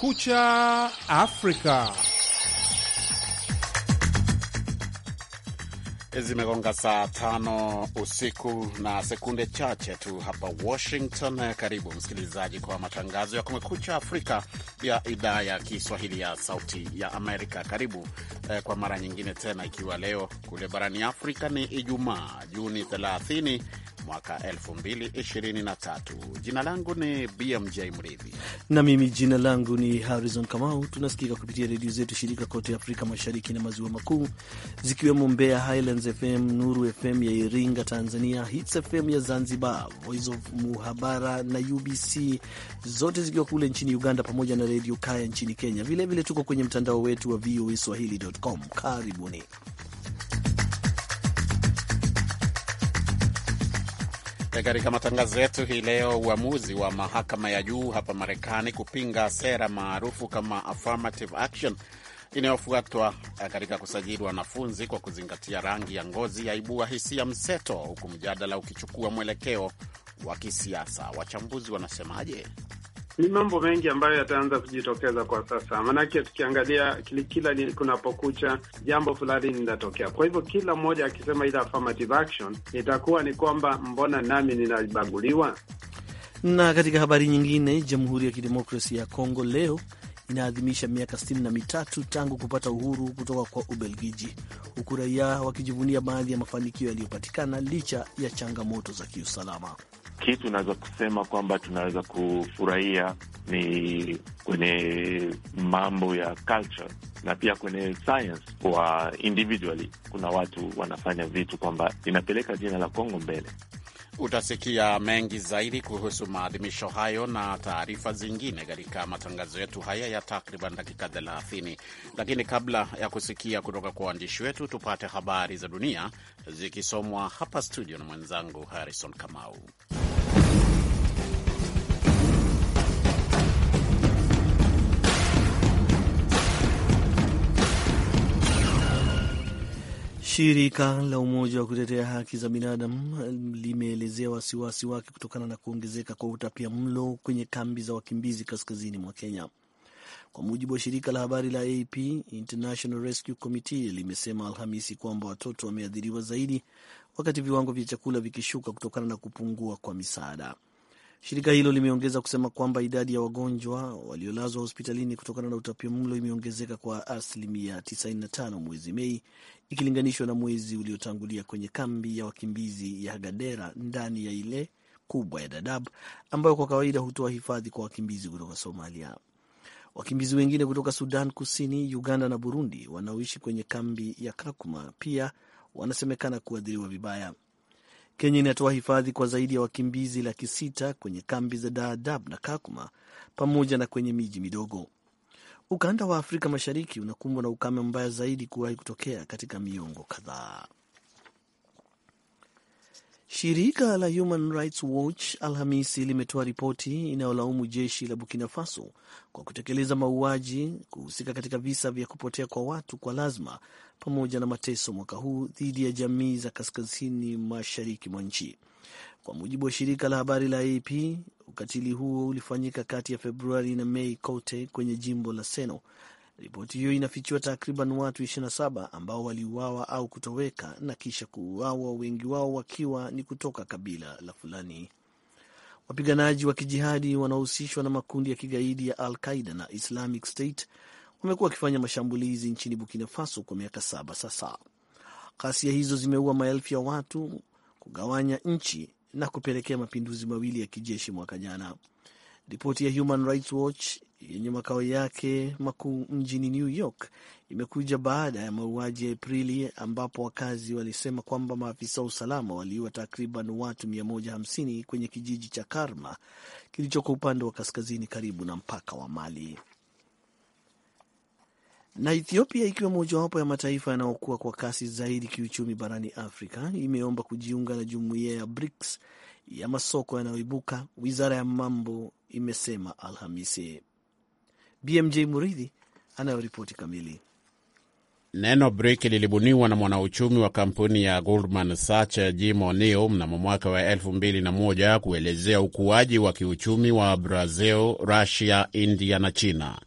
Kumekucha Afrika. Zimegonga saa tano usiku na sekunde chache tu hapa Washington. Karibu msikilizaji kwa matangazo ya Kumekucha Afrika ya idhaa ya Kiswahili ya Sauti ya Amerika. Karibu eh, kwa mara nyingine tena, ikiwa leo kule barani Afrika ni Ijumaa Juni 30 mwaka 2023. Jina langu ni BMJ Mridhi na mimi jina langu ni Harrison Kamau. Tunasikika kupitia redio zetu shirika kote Afrika Mashariki na Maziwa Makuu, zikiwemo Mbeya Highlands FM, Nuru FM ya Iringa Tanzania, Hits FM ya Zanzibar, Voice of Muhabara na UBC, zote zikiwa kule nchini Uganda, pamoja na redio Kaya nchini Kenya. Vilevile vile tuko kwenye mtandao wetu wa VOA swahili.com. Karibuni. E, katika matangazo yetu hii leo, uamuzi wa mahakama ya juu hapa Marekani kupinga sera maarufu kama affirmative action inayofuatwa e, katika kusajili wanafunzi kwa kuzingatia rangi ya ngozi yaibua hisia mseto, huku mjadala ukichukua mwelekeo wa kisiasa. Wachambuzi wanasemaje? Ni mambo mengi ambayo yataanza kujitokeza kwa sasa, maanake tukiangalia kila kunapokucha jambo fulani linatokea. Kwa hivyo kila mmoja akisema ile affirmative action itakuwa ni kwamba mbona nami ninabaguliwa? Na katika habari nyingine, Jamhuri ya Kidemokrasia ya Kongo leo inaadhimisha miaka sitini na mitatu tangu kupata uhuru kutoka kwa Ubelgiji, huku raia wakijivunia baadhi ya mafanikio yaliyopatikana licha ya changamoto za kiusalama kitu naweza kusema kwamba tunaweza kufurahia ni kwenye mambo ya culture na pia kwenye science kwa individually, kuna watu wanafanya vitu kwamba inapeleka jina la Kongo mbele. Utasikia mengi zaidi kuhusu maadhimisho hayo na taarifa zingine katika matangazo yetu haya ya takriban dakika 30, lakini kabla ya kusikia kutoka kwa waandishi wetu, tupate habari za dunia zikisomwa hapa studio na mwenzangu Harrison Kamau. Shirika la Umoja wa kutetea haki za binadamu limeelezea wasiwasi wake kutokana na kuongezeka kwa utapia mlo kwenye kambi za wakimbizi kaskazini mwa Kenya. Kwa mujibu wa shirika la habari la AP, International Rescue Committee limesema Alhamisi kwamba watoto wameathiriwa zaidi, wakati viwango vya chakula vikishuka kutokana na kupungua kwa misaada. Shirika hilo limeongeza kusema kwamba idadi ya wagonjwa waliolazwa hospitalini kutokana na mlo imeongezeka kwa asilimia 95 mwezi Mei ikilinganishwa na mwezi uliotangulia kwenye kambi ya wakimbizi ya Gadera ndani ya ile kubwa ya dadab ambayo kwa kawaida hutoa hifadhi kwa wakimbizi kutoka Somalia. Wakimbizi wengine kutoka Sudan Kusini, Uganda na Burundi wanaoishi kwenye kambi ya Kakuma pia wanasemekana kuathiriwa vibaya. Kenya inatoa hifadhi kwa zaidi ya wakimbizi laki sita kwenye kambi za Dadaab na Kakuma pamoja na kwenye miji midogo. Ukanda wa Afrika Mashariki unakumbwa na ukame mbaya zaidi kuwahi kutokea katika miongo kadhaa. Shirika la Human Rights Watch Alhamisi limetoa ripoti inayolaumu jeshi la Burkina Faso kwa kutekeleza mauaji, kuhusika katika visa vya kupotea kwa watu kwa lazima, pamoja na mateso mwaka huu dhidi ya jamii za kaskazini mashariki mwa nchi. Kwa mujibu wa shirika la habari la AP, ukatili huo ulifanyika kati ya Februari na Mei kote kwenye jimbo la Seno Ripoti hiyo inafichua takriban watu 27 ambao waliuawa au kutoweka na kisha kuuawa, wengi wao wakiwa ni kutoka kabila la Fulani. Wapiganaji wa kijihadi wanaohusishwa na makundi ya kigaidi ya Al Qaida na Islamic State wamekuwa wakifanya mashambulizi nchini Burkina Faso kwa miaka saba sasa. Ghasia hizo zimeua maelfu ya watu, kugawanya nchi na kupelekea mapinduzi mawili ya kijeshi mwaka jana. Ripoti ya Human Rights Watch yenye makao yake makuu mjini New York imekuja baada ya mauaji ya Aprili ambapo wakazi walisema kwamba maafisa wa usalama waliua takriban watu 150 kwenye kijiji cha Karma kilichoko upande wa kaskazini karibu na mpaka wa Mali na Ethiopia ikiwa mojawapo ya mataifa yanayokuwa kwa kasi zaidi kiuchumi barani Afrika imeomba kujiunga na jumuiya ya BRICS ya masoko yanayoibuka, wizara ya mambo imesema Alhamisi. BMJ Muridhi anayoripoti kamili. Neno BRIC lilibuniwa na mwanauchumi wa kampuni ya Goldman Sachs Jim O'Neill mnamo mwaka wa 2001 kuelezea ukuaji wa kiuchumi wa Brazil, Russia, India na China.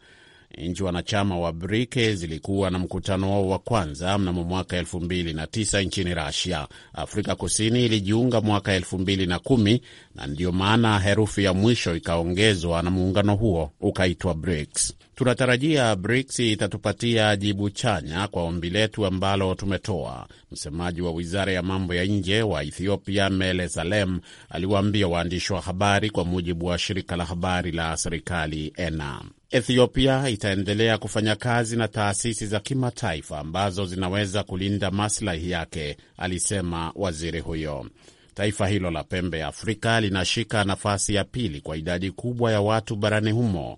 Nchi wanachama wa BRICS zilikuwa na mkutano wao wa kwanza mnamo mwaka 2009 nchini Russia. Afrika Kusini ilijiunga mwaka 2010 na ndiyo maana herufi ya mwisho ikaongezwa na muungano huo ukaitwa BRICS. Tunatarajia BRICS itatupatia jibu chanya kwa ombi letu ambalo tumetoa. Msemaji wa wizara ya mambo ya nje wa Ethiopia, Mele Salem, aliwaambia waandishi wa habari, kwa mujibu wa shirika la habari la serikali ENA. Ethiopia itaendelea kufanya kazi na taasisi za kimataifa ambazo zinaweza kulinda maslahi yake, alisema waziri huyo. Taifa hilo la pembe ya Afrika linashika nafasi ya pili kwa idadi kubwa ya watu barani humo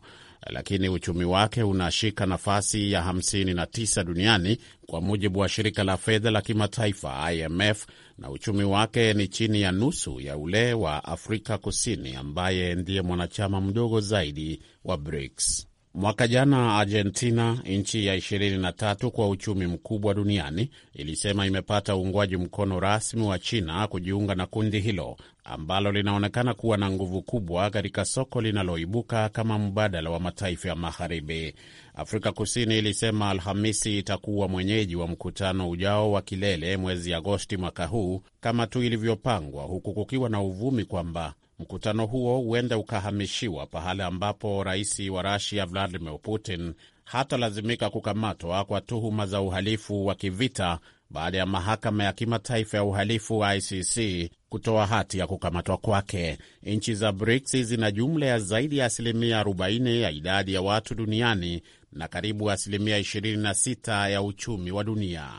lakini uchumi wake unashika nafasi ya 59 duniani kwa mujibu wa shirika la fedha la kimataifa IMF, na uchumi wake ni chini ya nusu ya ule wa Afrika Kusini ambaye ndiye mwanachama mdogo zaidi wa BRICS. Mwaka jana Argentina, nchi ya 23 kwa uchumi mkubwa duniani, ilisema imepata uungwaji mkono rasmi wa China kujiunga na kundi hilo ambalo linaonekana kuwa na nguvu kubwa katika soko linaloibuka kama mbadala wa mataifa ya magharibi. Afrika Kusini ilisema Alhamisi itakuwa mwenyeji wa mkutano ujao wa kilele mwezi Agosti mwaka huu kama tu ilivyopangwa, huku kukiwa na uvumi kwamba Mkutano huo huenda ukahamishiwa pahala ambapo rais wa Rusia Vladimir Putin hatalazimika kukamatwa kwa tuhuma za uhalifu wa kivita baada ya mahakama ya kimataifa ya uhalifu wa ICC kutoa hati ya kukamatwa kwake. Nchi za BRICS zina jumla ya zaidi ya asilimia 40 ya idadi ya watu duniani na karibu asilimia 26 ya uchumi wa dunia.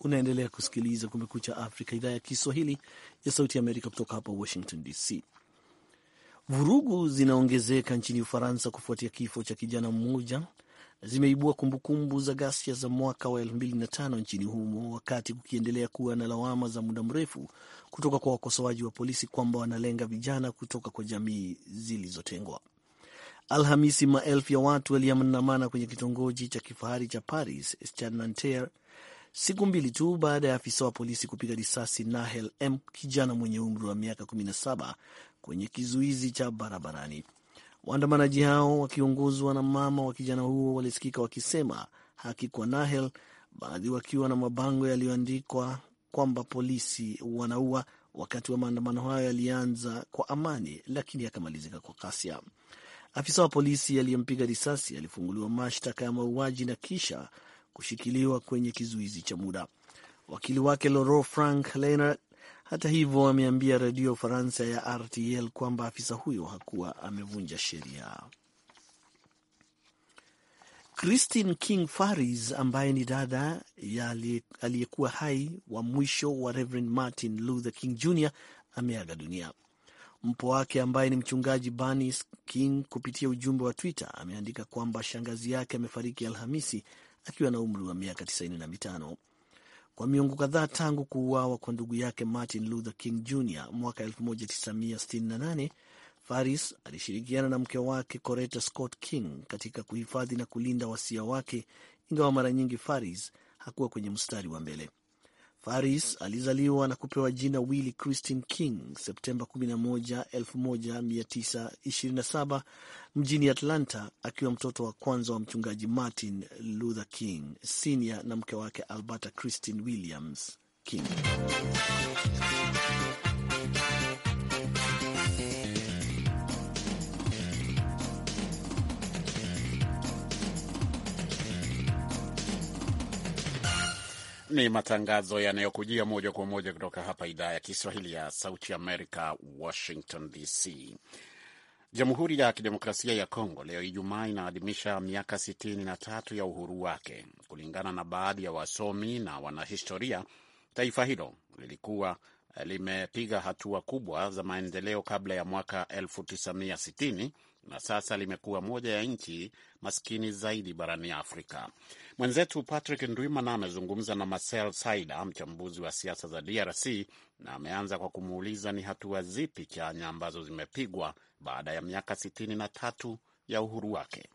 Unaendelea kusikiliza Kumekucha Afrika, idhaa ya Kiswahili ya Sauti ya Amerika kutoka hapa Washington DC. Vurugu zinaongezeka nchini Ufaransa kufuatia kifo cha kijana mmoja zimeibua kumbukumbu za ghasia za mwaka wa 2005 nchini humo, wakati kukiendelea kuwa na lawama za muda mrefu kutoka kwa wakosoaji wa polisi kwamba wanalenga vijana kutoka kwa jamii zilizotengwa. Alhamisi, maelfu ya watu waliandamana kwenye kitongoji cha kifahari cha Paris cha Nanterre siku mbili tu baada ya afisa wa polisi kupiga risasi Nahel M, kijana mwenye umri wa miaka 17 kwenye kizuizi cha barabarani. Waandamanaji hao wakiongozwa na mama wa kijana huo walisikika wakisema haki kwa Nahel, baadhi wakiwa na mabango yaliyoandikwa kwamba polisi wanaua. Wakati wa maandamano hayo yalianza kwa amani, lakini yakamalizika kwa ghasia. Afisa wa polisi aliyempiga risasi alifunguliwa mashtaka ya mauaji na kisha kushikiliwa kwenye kizuizi cha muda. Wakili wake Loro Frank Leonard hata hivyo ameambia redio ya Ufaransa ya RTL kwamba afisa huyo hakuwa amevunja sheria. Christine King Faris ambaye ni dada ya aliyekuwa hai wa mwisho wa Reverend Martin Luther King Jr ameaga dunia. Mpo wake ambaye ni mchungaji Barnes King kupitia ujumbe wa Twitter ameandika kwamba shangazi yake amefariki Alhamisi akiwa na umri wa miaka 95 kwa miongo kadhaa tangu kuuawa kwa ndugu yake Martin Luther King Jr mwaka 1968, Faris alishirikiana na mke wake Coretta Scott King katika kuhifadhi na kulinda wasia wake, ingawa mara nyingi Faris hakuwa kwenye mstari wa mbele. Faris alizaliwa na kupewa jina willi Christine King Septemba 11, 1927 mjini Atlanta, akiwa mtoto wa kwanza wa mchungaji Martin Luther King sinia na mke wake Alberta Christine Williams King. Ni matangazo yanayokujia moja kwa moja kutoka hapa idhaa ya Kiswahili ya Sauti Amerika, Washington DC. Jamhuri ya Kidemokrasia ya Kongo leo Ijumaa inaadhimisha miaka 63 ya uhuru wake. Kulingana na baadhi ya wasomi na wanahistoria, taifa hilo lilikuwa limepiga hatua kubwa za maendeleo kabla ya mwaka 1960 na sasa limekuwa moja ya nchi maskini zaidi barani Afrika. Mwenzetu Patrick Ndwimana amezungumza na Marcel Saida, mchambuzi wa siasa za DRC, na ameanza kwa kumuuliza ni hatua zipi chanya ambazo zimepigwa baada ya miaka sitini na tatu ya uhuru wake.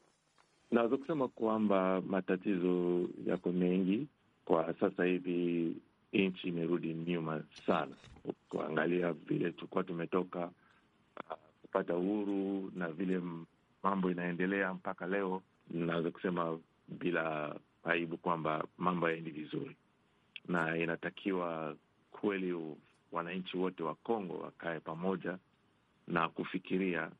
Naweza kusema kwamba matatizo yako mengi kwa sasa hivi nchi imerudi nyuma sana. Kuangalia vile tulikuwa tumetoka ah, kupata uhuru na vile mambo inaendelea mpaka leo, naweza kusema bila aibu kwamba mambo yaendi vizuri, na inatakiwa kweli wananchi wote wa Kongo wakae pamoja na kufikiria,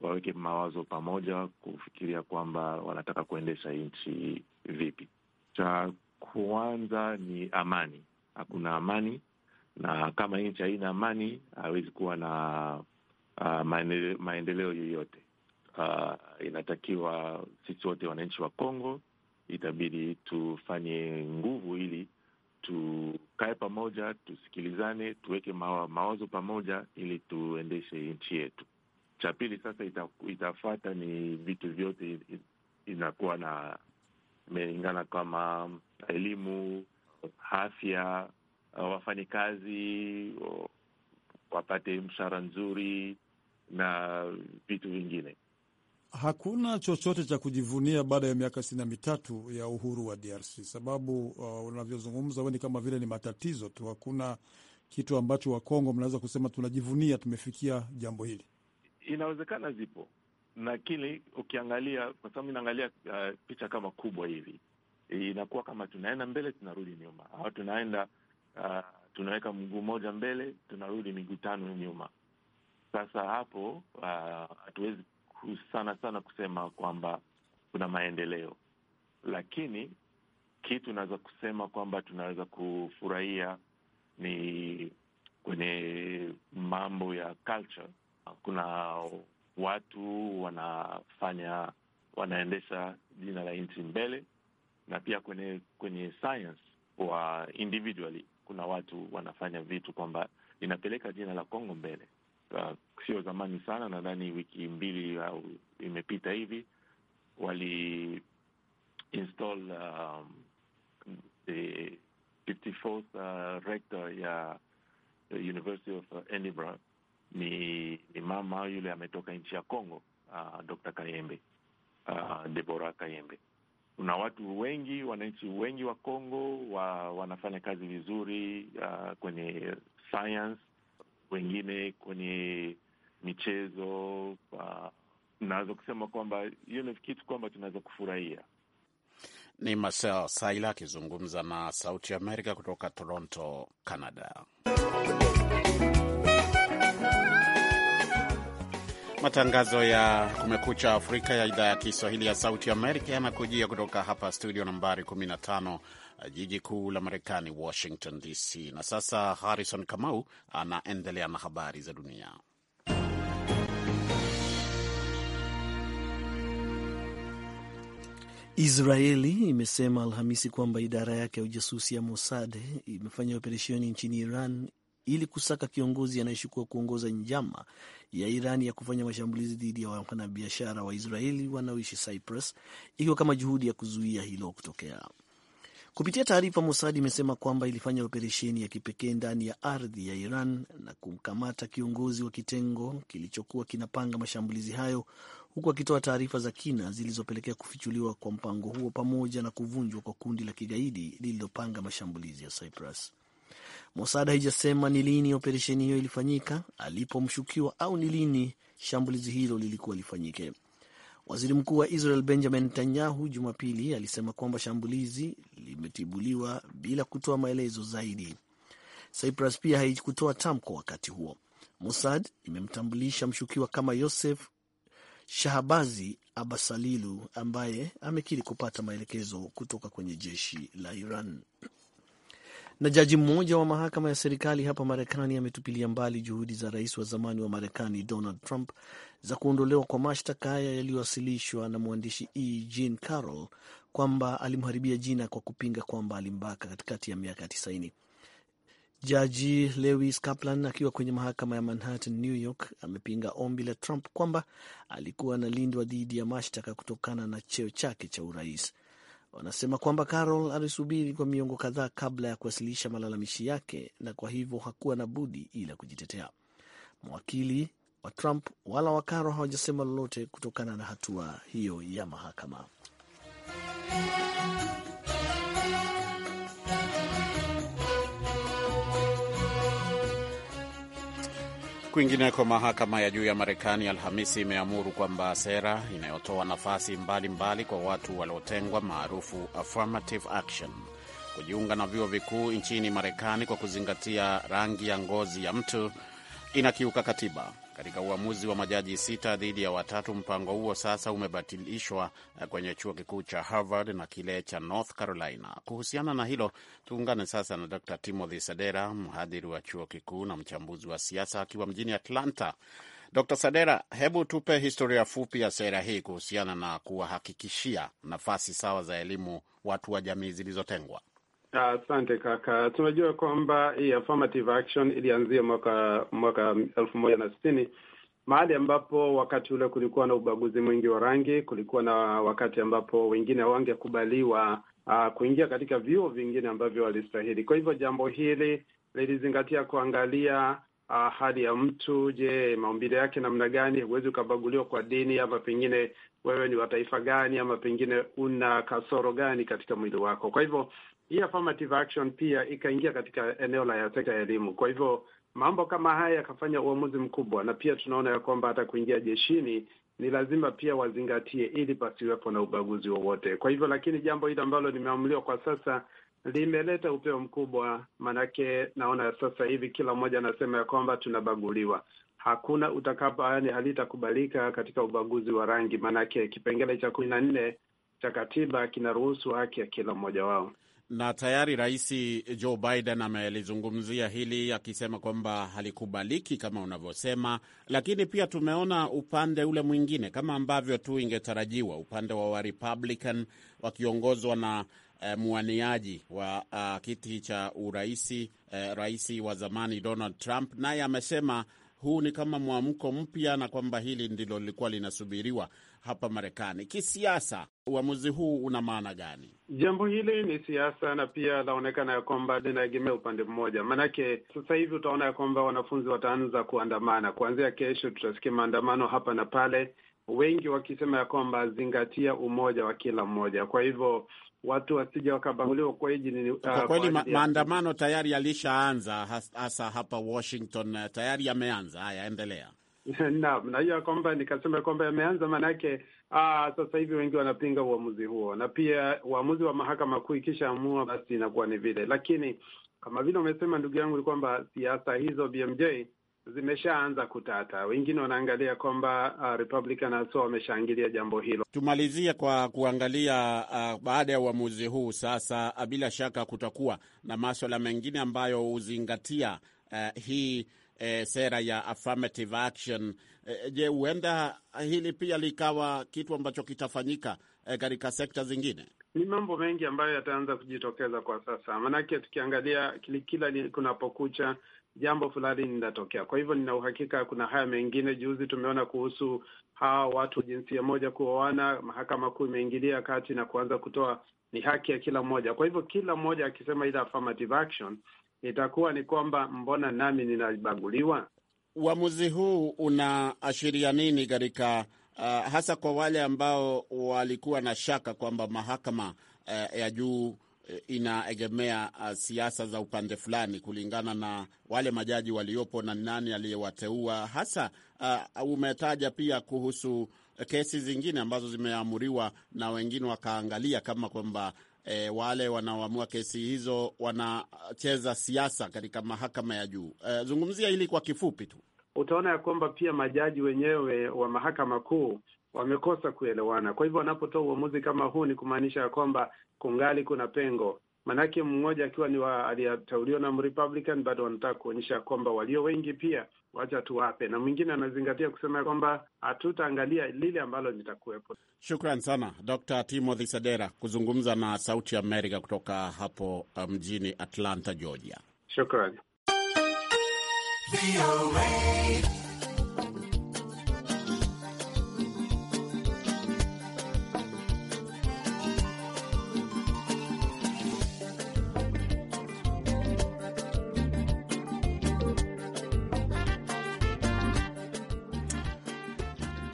waweke mawazo pamoja, kufikiria kwamba wanataka kuendesha nchi vipi. Cha kwanza ni amani hakuna amani, na kama nchi haina amani hawezi kuwa na uh, ah, maendeleo, maendeleo yoyote. Uh, inatakiwa sisi wote wananchi wa Kongo itabidi tufanye nguvu ili tukae pamoja, tusikilizane, tuweke mawa, mawazo pamoja ili tuendeshe nchi yetu. Cha pili sasa ita, itafuata ni vitu vyote inakuwa na imelingana kama elimu, afya, uh, wafanyikazi uh, wapate mshahara nzuri na vitu vingine. Hakuna chochote cha kujivunia baada ya miaka sitini na mitatu ya uhuru wa DRC sababu uh, unavyozungumza weni kama vile ni matatizo tu. Hakuna kitu ambacho Wakongo mnaweza kusema tunajivunia tumefikia jambo hili. Inawezekana zipo, lakini ukiangalia, kwa sababu inaangalia uh, picha kama kubwa hivi E, inakuwa kama tunaenda mbele tunarudi nyuma, au tunaenda uh, tunaweka mguu mmoja mbele tunarudi miguu tano nyuma. Sasa hapo hatuwezi uh, sana sana kusema kwamba kuna maendeleo, lakini kitu naweza kusema kwamba tunaweza kufurahia ni kwenye mambo ya culture. Kuna watu wanafanya wanaendesha jina la nchi mbele na pia kwenye kwenye science wa individually, kuna watu wanafanya vitu kwamba inapeleka jina la Kongo mbele. Uh, sio zamani sana, nadhani wiki mbili au imepita hivi wali install um, the 54th uh, rector ya University of Edinburgh ni, ni mama yule ametoka nchi ya Congo, uh, ah, Dr. Kayembe, uh, Deborah Kayembe kuna watu wengi, wananchi wengi wa Kongo wa, wanafanya kazi vizuri uh, kwenye science, wengine kwenye michezo uh, naweza kusema kwamba hiyo ni kitu kwamba tunaweza kufurahia. Ni Marcel Saila akizungumza na Sauti ya Amerika kutoka Toronto, Canada. Matangazo ya Kumekucha Afrika ya idhaa ya Kiswahili ya Sauti Amerika yanakujia kutoka hapa studio nambari 15 uh, jiji kuu la Marekani, Washington DC. Na sasa Harrison Kamau anaendelea na habari za dunia. Israeli imesema Alhamisi kwamba idara yake ya ujasusi ya Mossad imefanya operesheni nchini Iran ili kusaka kiongozi anayeshukua kuongoza njama ya Iran ya kufanya mashambulizi dhidi ya wafanyabiashara wa Israeli wanaoishi Cyprus, ikiwa kama juhudi ya kuzuia hilo kutokea. Kupitia taarifa, Mossad imesema kwamba ilifanya operesheni ya kipekee ndani ya ardhi ya Iran na kumkamata kiongozi wa kitengo kilichokuwa kinapanga mashambulizi hayo, huku akitoa taarifa za kina zilizopelekea kufichuliwa kwa mpango huo pamoja na kuvunjwa kwa kundi la kigaidi lililopanga mashambulizi ya Cyprus. Mossad haijasema ni lini operesheni hiyo ilifanyika, alipo mshukiwa au ni lini shambulizi hilo lilikuwa lifanyike. Waziri mkuu wa Israel Benjamin Netanyahu Jumapili alisema kwamba shambulizi limetibuliwa bila kutoa maelezo zaidi. Cyprus pia haikutoa tamko wakati huo. Mossad imemtambulisha mshukiwa kama Yosef Shahabazi Abasalilu ambaye amekiri kupata maelekezo kutoka kwenye jeshi la Iran. Na jaji mmoja wa mahakama ya serikali hapa Marekani ametupilia mbali juhudi za rais wa zamani wa Marekani Donald Trump za kuondolewa kwa mashtaka haya yaliyowasilishwa na mwandishi E. Jean Carroll kwamba alimharibia jina kwa kupinga kwamba alimbaka katikati ya miaka tisaini. Jaji Lewis Kaplan akiwa kwenye mahakama ya Manhattan, New York, amepinga ombi la Trump kwamba alikuwa analindwa dhidi ya mashtaka kutokana na cheo chake cha urais wanasema kwamba Carol alisubiri kwa miongo kadhaa kabla ya kuwasilisha malalamishi yake na kwa hivyo hakuwa na budi ila kujitetea. Mawakili wa Trump wala wa Carol hawajasema lolote kutokana na hatua hiyo ya mahakama. Kwingineko, mahakama ya juu ya Marekani Alhamisi imeamuru kwamba sera inayotoa nafasi mbalimbali mbali kwa watu waliotengwa maarufu affirmative action kujiunga na vyuo vikuu nchini Marekani kwa kuzingatia rangi ya ngozi ya mtu inakiuka katiba. Katika uamuzi wa majaji sita dhidi ya watatu, mpango huo sasa umebatilishwa eh, kwenye chuo kikuu cha Harvard na kile cha North Carolina. Kuhusiana na hilo, tuungane sasa na Dr Timothy Sadera, mhadhiri wa chuo kikuu na mchambuzi wa siasa akiwa mjini Atlanta. Dr Sadera, hebu tupe historia fupi ya sera hii kuhusiana na kuwahakikishia nafasi sawa za elimu watu wa jamii zilizotengwa. Asante uh, kaka. Tunajua kwamba hii affirmative action ilianzia mwaka mwaka elfu moja na sitini mahali ambapo wakati ule kulikuwa na ubaguzi mwingi wa rangi, kulikuwa na wakati ambapo wengine hawangekubaliwa uh, kuingia katika vyuo vingine ambavyo walistahili. Kwa hivyo jambo hili lilizingatia kuangalia uh, hali ya mtu. Je, maumbile yake namna gani? Huwezi ukabaguliwa kwa dini, ama pengine wewe ni wa taifa gani, ama pengine una kasoro gani katika mwili wako. Kwa hivyo hii affirmative action pia ikaingia katika eneo la sekta ya elimu. Kwa hivyo mambo kama haya yakafanya uamuzi mkubwa, na pia tunaona ya kwamba hata kuingia jeshini ni lazima pia wazingatie, ili pasiwepo na ubaguzi wowote. Kwa hivyo, lakini jambo hili ambalo limeamuliwa kwa sasa limeleta upeo mkubwa, maanake naona sasa hivi kila mmoja anasema ya kwamba tunabaguliwa, hakuna utakapo, yaani halitakubalika katika ubaguzi wa rangi, maanake kipengele cha kumi na nne cha katiba kinaruhusu haki ya kila mmoja wao na tayari Rais Joe Biden amelizungumzia hili akisema kwamba halikubaliki kama unavyosema, lakini pia tumeona upande ule mwingine kama ambavyo tu ingetarajiwa, upande wa Warepublican wakiongozwa na e, mwaniaji wa a, ah, kiti cha uraisi e, eh, rais wa zamani Donald Trump naye amesema huu ni kama mwamko mpya na kwamba hili ndilo lilikuwa linasubiriwa hapa Marekani. Kisiasa, uamuzi huu una maana gani? Jambo hili ni siasa, na pia laonekana ya kwamba linaegemea upande mmoja. Maanake sasa hivi utaona ya kwamba wanafunzi wataanza kuandamana kuanzia kesho. Tutasikia maandamano hapa na pale, wengi wakisema ya kwamba zingatia umoja wa kila mmoja. Kwa hivyo watu wasija wakabaguliwa kwa hii Uh, kwa kweli ma, maandamano tayari yalishaanza hasa hapa Washington, uh, tayari yameanza. Haya, endelea. Naam, na kwamba nikasema kwamba yameanza, maanake ah, sasa hivi wengi wanapinga uamuzi huo, na pia uamuzi wa mahakama kuu ikishaamua, basi inakuwa ni vile, lakini kama vile umesema ndugu yangu, ni kwamba siasa hizo BMJ zimeshaanza kutata. Wengine wanaangalia kwamba uh, Republican hasa wameshangilia jambo hilo. Tumalizie kwa kuangalia uh, baada ya uamuzi huu sasa, uh, bila shaka kutakuwa na maswala mengine ambayo huzingatia uh, hii uh, sera ya affirmative action e, je, huenda hili pia likawa kitu ambacho kitafanyika uh, katika sekta zingine? Ni mambo mengi ambayo yataanza kujitokeza kwa sasa, maanake tukiangalia kila kunapokucha jambo fulani linatokea. Kwa hivyo nina uhakika kuna haya mengine. Juzi tumeona kuhusu hawa watu jinsia moja kuoana, mahakama kuu imeingilia kati na kuanza kutoa ni haki ya kila mmoja. Kwa hivyo kila mmoja akisema ile affirmative action itakuwa ni kwamba mbona nami ninabaguliwa? Uamuzi huu unaashiria nini katika uh, hasa kwa wale ambao walikuwa na shaka kwamba mahakama uh, ya juu inaegemea uh, siasa za upande fulani kulingana na wale majaji waliopo na nani aliyewateua hasa. Uh, umetaja pia kuhusu kesi zingine ambazo zimeamuriwa na wengine wakaangalia kama kwamba E, wale wanaoamua kesi hizo wanacheza siasa katika mahakama ya juu. E, zungumzia hili kwa kifupi tu. Utaona ya kwamba pia majaji wenyewe wa mahakama kuu wamekosa kuelewana. Kwa hivyo wanapotoa uamuzi kama huu, ni kumaanisha ya kwamba kungali kuna pengo, manake mmoja akiwa ni aliyeteuliwa na Republican bado wanataka kuonyesha kwamba walio wengi pia wacha tuwape, na mwingine anazingatia kusema kwamba hatutaangalia lile ambalo litakuwepo. Shukran sana Dr. Timothy Sadera kuzungumza na Sauti Amerika kutoka hapo um, mjini Atlanta, Georgia. Shukran.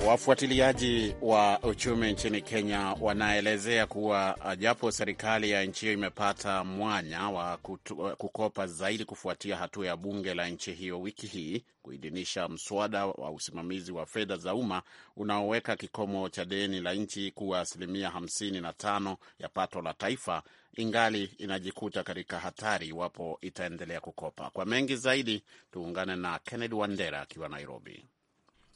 Wafuatiliaji wa uchumi nchini Kenya wanaelezea kuwa uh, japo serikali ya nchi hiyo imepata mwanya wa kutu, uh, kukopa zaidi kufuatia hatua ya bunge la nchi hiyo wiki hii kuidhinisha mswada wa usimamizi wa fedha za umma unaoweka kikomo cha deni la nchi kuwa asilimia hamsini na tano ya pato la taifa, ingali inajikuta katika hatari iwapo itaendelea kukopa. Kwa mengi zaidi, tuungane na Kennedy Wandera akiwa Nairobi.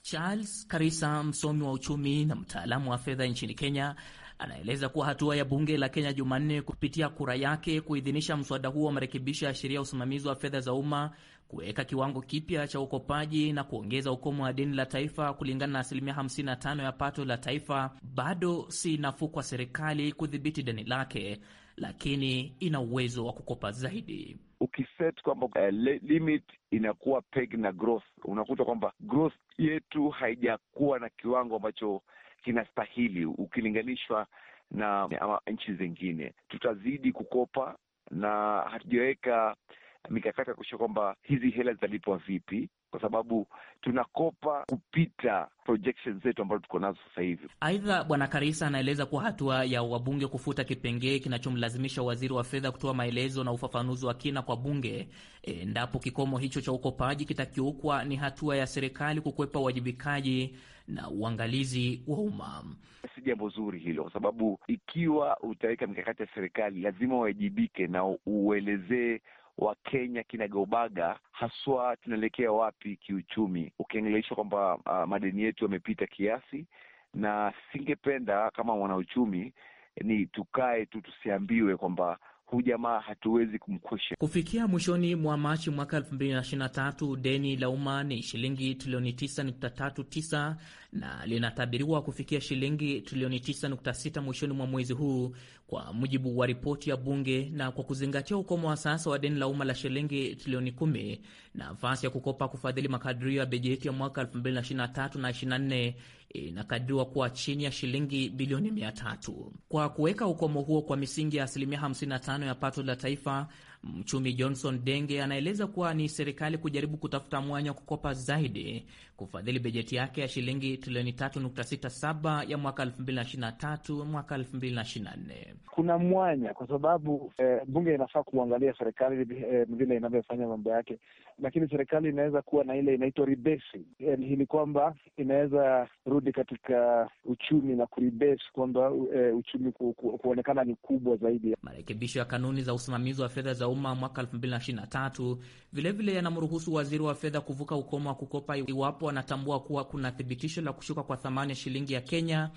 Charles Karisa, msomi wa uchumi na mtaalamu wa fedha nchini Kenya, anaeleza kuwa hatua ya bunge la Kenya Jumanne kupitia kura yake kuidhinisha mswada huo wa marekebisho ya sheria ya usimamizi wa fedha za umma kuweka kiwango kipya cha ukopaji na kuongeza ukomo wa deni la taifa kulingana na asilimia 55 ya pato la taifa bado si nafuu kwa serikali kudhibiti deni lake, lakini ina uwezo wa kukopa zaidi ukiset kwamba uh, limit inakuwa peg na growth, unakuta kwamba growth yetu haijakuwa na kiwango ambacho kinastahili ukilinganishwa na nchi zingine. Tutazidi kukopa na hatujaweka mikakati ya kuisha kwamba hizi hela zitalipwa vipi kwa sababu tunakopa kupita zetu ambazo tuko nazo sasa hivi. Aidha, Bwana Karisa anaeleza kuwa hatua ya wabunge kufuta kipengee kinachomlazimisha waziri wa fedha kutoa maelezo na ufafanuzi wa kina kwa bunge e, endapo kikomo hicho cha ukopaji kitakiukwa ni hatua ya serikali kukwepa uwajibikaji na uangalizi wa umma. Si jambo zuri hilo, kwa sababu ikiwa utaweka mikakati ya serikali lazima uwajibike na uelezee wa Kenya kinagaubaga, haswa tunaelekea wapi kiuchumi, ukiangalishwa kwamba uh, madeni yetu yamepita kiasi, na singependa kama mwanauchumi ni tukae tu tusiambiwe kwamba huu jamaa hatuwezi kumkwesha. Kufikia mwishoni mwa Machi mwaka tatu, deni la umma ni shilingi trilioni tisa na linatabiriwa kufikia shilingi trilioni 9.6 mwishoni mwa mwezi huu kwa mujibu wa ripoti ya Bunge. Na kwa kuzingatia ukomo wa sasa wa deni la umma la shilingi trilioni 10, nafasi ya kukopa kufadhili makadirio ya bajeti ya mwaka 2023 na 24 eh, inakadiriwa kuwa chini ya shilingi bilioni 300. Kwa kuweka ukomo huo kwa misingi ya asilimia 55 ya pato la taifa Mchumi Johnson Denge anaeleza kuwa ni serikali kujaribu kutafuta mwanya wa kukopa zaidi kufadhili bajeti yake ya shilingi trilioni 3.67 ya mwaka 2023 mwaka 2024. Kuna mwanya kwa sababu eh, bunge inafaa kuangalia serikali eh, vile inavyofanya mambo yake lakini serikali inaweza kuwa na ile inaitwa Yani eh, hii ni kwamba inaweza rudi katika uchumi na kuribesi kwamba e, uchumi ku, ku, kuonekana ni kubwa zaidi. Marekebisho ya kanuni za usimamizi wa fedha za umma mwaka elfu mbili na ishirini na tatu vilevile yanamruhusu waziri wa fedha kuvuka ukomo wa kukopa iwapo anatambua kuwa kuna thibitisho la kushuka kwa thamani ya shilingi ya Kenya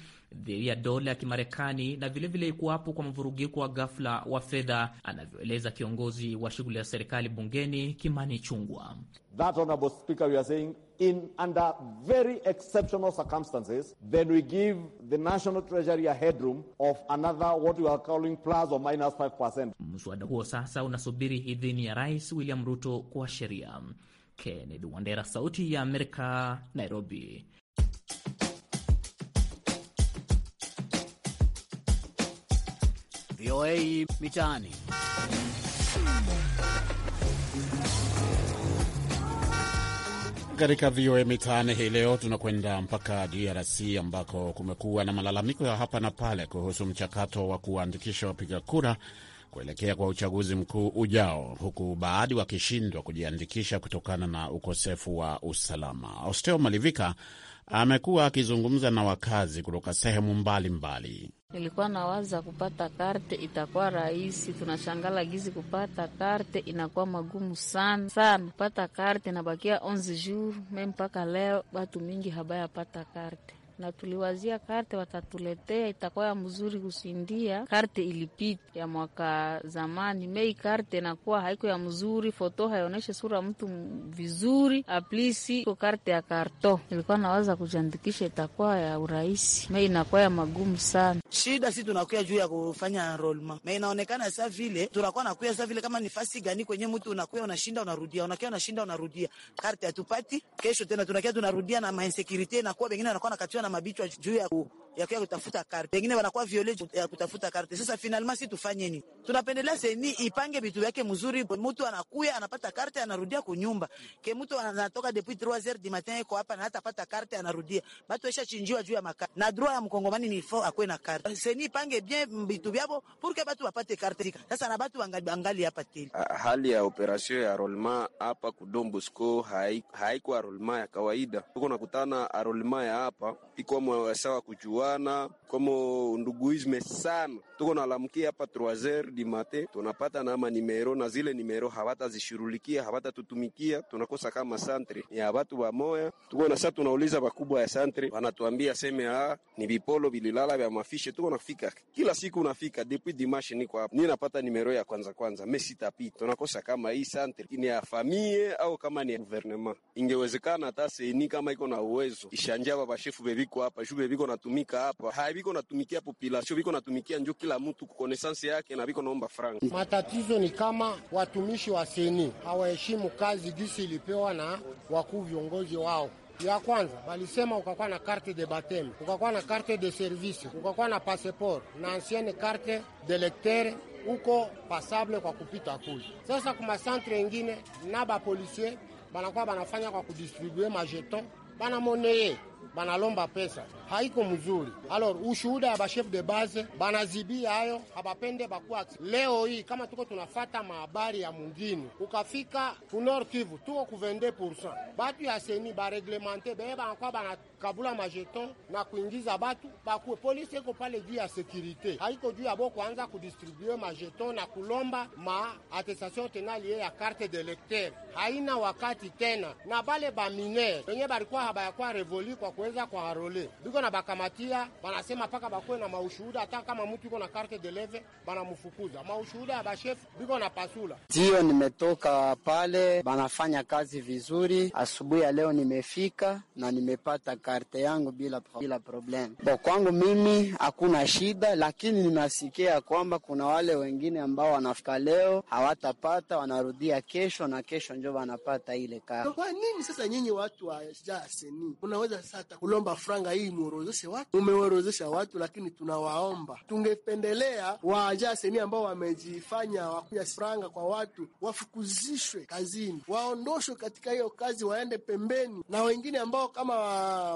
ya dola ya Kimarekani na vilevile ikuwapo kwa mvurugiko wa ghafla wa fedha, anavyoeleza kiongozi wa shughuli ya serikali bungeni Kimani Chungwa. That honorable speaker we are saying in under very exceptional circumstances then we give the national treasury a headroom of another what we are calling plus or minus 5%. Mswada huo sasa unasubiri idhini ya Rais William Ruto kwa sheria. Kennedy Wandera, Sauti ya Amerika, Nairobi. VOA Mitaani. Katika VOA Mitaani hii leo tunakwenda mpaka DRC ambako kumekuwa na malalamiko ya hapa na pale kuhusu mchakato wa kuwaandikisha wapiga kura kuelekea kwa uchaguzi mkuu ujao, huku baadhi wakishindwa kujiandikisha kutokana na ukosefu wa usalama. Osteo Malivika amekuwa akizungumza na wakazi kutoka sehemu mbalimbali. Nilikuwa nawaza kupata karte itakuwa rahisi, tunashangala gizi kupata karte inakuwa magumu sana sana. Kupata karte inabakia 11 jour me mpaka leo batu mingi habayapata karte na tuliwazia karte watatuletea, itakuwa mzuri kusindia karte ilipita ya mwaka zamani. Mei karte nakuwa haiko ya mzuri, foto haioneshe sura mtu vizuri, aplisi ko karte ya karto. ilikuwa nawaza kujiandikisha, itakuwa ya urahisi. Mei inakuwa ya magumu sana. Shida si tunakuya juu ya kufanya rolma me inaonekana sa vile tunakuwa nakuya sa vile kama ni fasi gani kwenye mtu unakuya unashinda unarudia, unakuya unashinda unarudia, karte hatupati, kesho tena tunakuya tunarudia na mainsekurite nakuwa bengine anakuwa nakatiwa na na mabichwa juu ya ya kuya kutafuta karte, wengine wanakuwa viole ya kutafuta karte. Sasa finalement si tufanye ni Tunapendelea seni ipange vitu vyake mzuri, mtu anakuya anapata karte anarudia kunyumba, ke mtu anatoka depuis 3h du matin yuko hapa na hata pata karte anarudia, batu esha chinjiwa juu ya makarte na droit ya mkongomani ni fo akwe na karte. Seni ipange bien vitu vyabo pour que batu wapate karte. Sasa na batu wangali hapa tili hali ya operation ya rolma hapa kudombusko haiko arolma ya kawaida, tuko nakutana arolma ya hapa iko sawa kujua sana komo nduguizme sana, tuko nalamkia hapa 3h du matin tunapata na manimero na zile nimero hawatazishurulikia hawatatutumikia, tunakosa kama santre ya watu wa moya. Tuko na sasa tunauliza wakubwa ya santre, wanatuambia seme a ah, ni vipolo vililala vya mafishe. Tuko nafika kila siku nafika depuis dimanche, niko hapa ni napata nimero ya kwanza kwanza, mesi tapi tunakosa kama hii santre ni ya famie au kama ni gouvernement. Ingewezekana hata seni kama iko na uwezo ishanja baba shefu bebiko hapa shu bebiko natumika kutumika hapa, haiviko natumikia population, viko natumikia njo kila mtu kukonesansi yake na viko naomba franc. Matatizo ni kama watumishi wa seni hawaheshimu kazi gisi ilipewa na wakuu viongozi wao ya kwanza balisema ukakuwa na carte de bateme, ukakuwa na carte de service, ukakuwa na passeport na ancienne carte de lecteur, uko pasable kwa kupita kule. Sasa kuma centre ingine na bapolisier banakuwa banafanya kwa kudistribue majeton banamoneye banalomba pesa haiko mzuri. alor ushuhuda ya bashef de base banazibia hayo, habapende bakuwa leo hii. Kama tuko tunafata mahabari ya mungini, ukafika kunor Kivu tuko ku 22% batu ya seni bareglemente beye banakwa banakabula majeton na kuingiza batu bakuwe. Polisi eko pale juu ya sekurite, haiko juu ya bo kuanza kudistribue majeton na kulomba ma atestation tenalie ya karte de lecteur, haina wakati tena na bale baminer wenye barikuwa habayakwa revoli kwa kwa kuweza kwa harole biko na bakamatia, banasema paka bakuwe na maushuhuda. Hata kama mtu iko na carte de leve banamfukuza, maushuhuda ya bashefu biko na pasula. Ndiyo nimetoka pale, banafanya kazi vizuri. Asubuhi ya leo nimefika na nimepata karte yangu bila, bila problem. Bo kwangu mimi hakuna shida, lakini ninasikia kwamba kuna wale wengine ambao wanafika leo hawatapata, wanarudia kesho na kesho njo wanapata ile karte. Kwa nini sasa nyinyi watu wa jaseni unaweza kulomba franga hii muorozeshe watu, mumeorozesha watu, lakini tunawaomba, tungependelea seni ambao wamejifanya wakuya franga kwa watu wafukuzishwe kazini, waondoshwe katika hiyo kazi, waende pembeni, na wengine ambao kama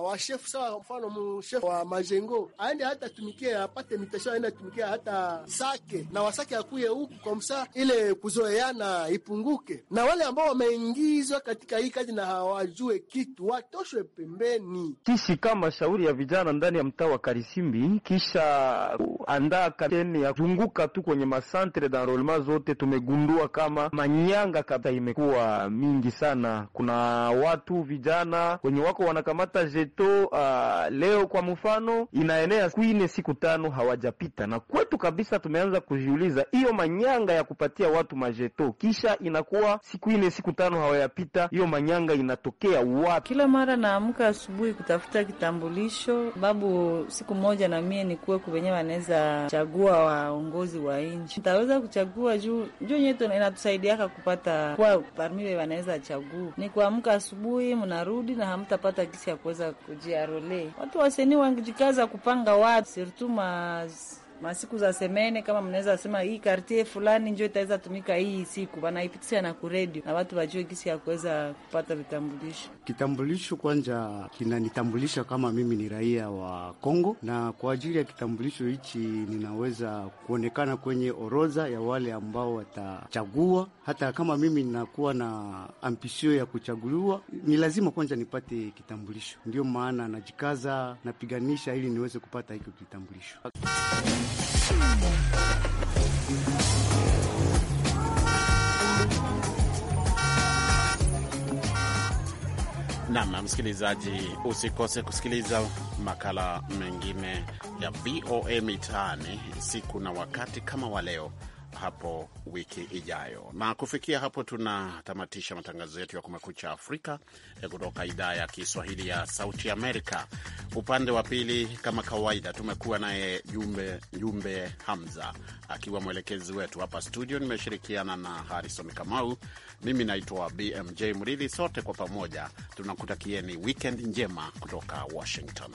washefu wa sawa, mfano mshefu wa majengo aende hata tumikie, apate mitasho, aende atumikie hata Sake na Wasake akuye huku kwa msa, ile kuzoeana ipunguke, na wale ambao wameingizwa katika hii kazi na hawajue kitu watoshwe pembeni gani? Sisi kama shauri ya vijana ndani ya mtaa wa Karisimbi, kisha andaa kateni ya zunguka tu kwenye masantre d'enrolema zote, tumegundua kama manyanga kabisa imekuwa mingi sana. Kuna watu vijana wenye wako wanakamata jeto uh, leo kwa mfano inaenea siku ine siku tano hawajapita, na kwetu kabisa tumeanza kujiuliza hiyo manyanga ya kupatia watu majeto kisha inakuwa siku ine siku tano hawayapita, hiyo manyanga inatokea wapi? Kila mara naamka asubuhi kutafuta kitambulisho, sababu siku moja na mie nikuwe kuvenyewe wanaweza chagua waongozi wa nchi, nitaweza kuchagua juu juu nyeto inatusaidiaka kupata kuwa parmile wanaweza chagua. Ni kuamka asubuhi, mnarudi na hamtapata kisi ya kuweza kujiarole. Watu waseni wangijikaza kupanga watu sirtuma masiku za semene, kama mnaweza sema hii kartie fulani njo itaweza tumika hii siku, banaipitisha na kuredio na watu wajue gisi ya kuweza kupata vitambulisho. Kitambulisho kwanja kinanitambulisha kama mimi ni raia wa Kongo, na kwa ajili ya kitambulisho hichi ninaweza kuonekana kwenye orodha ya wale ambao watachagua. Hata kama mimi ninakuwa na ampisio ya kuchaguliwa, ni lazima kwanza nipate kitambulisho. ndio maana najikaza, napiganisha ili niweze kupata hiki kitambulisho. Nam msikilizaji, usikose kusikiliza makala mengine ya VOA Mitaani siku na wakati kama wa leo hapo wiki ijayo. Na kufikia hapo, tunatamatisha matangazo yetu ya Kumekucha Afrika eh, kutoka idhaa ya Kiswahili ya Sauti Amerika. Upande wa pili, kama kawaida, tumekuwa naye Jumbe, Jumbe Hamza akiwa mwelekezi wetu hapa studio. Nimeshirikiana na harison Kamau, mimi naitwa BMJ Mridhi. Sote kwa pamoja tunakutakieni wikend njema kutoka Washington.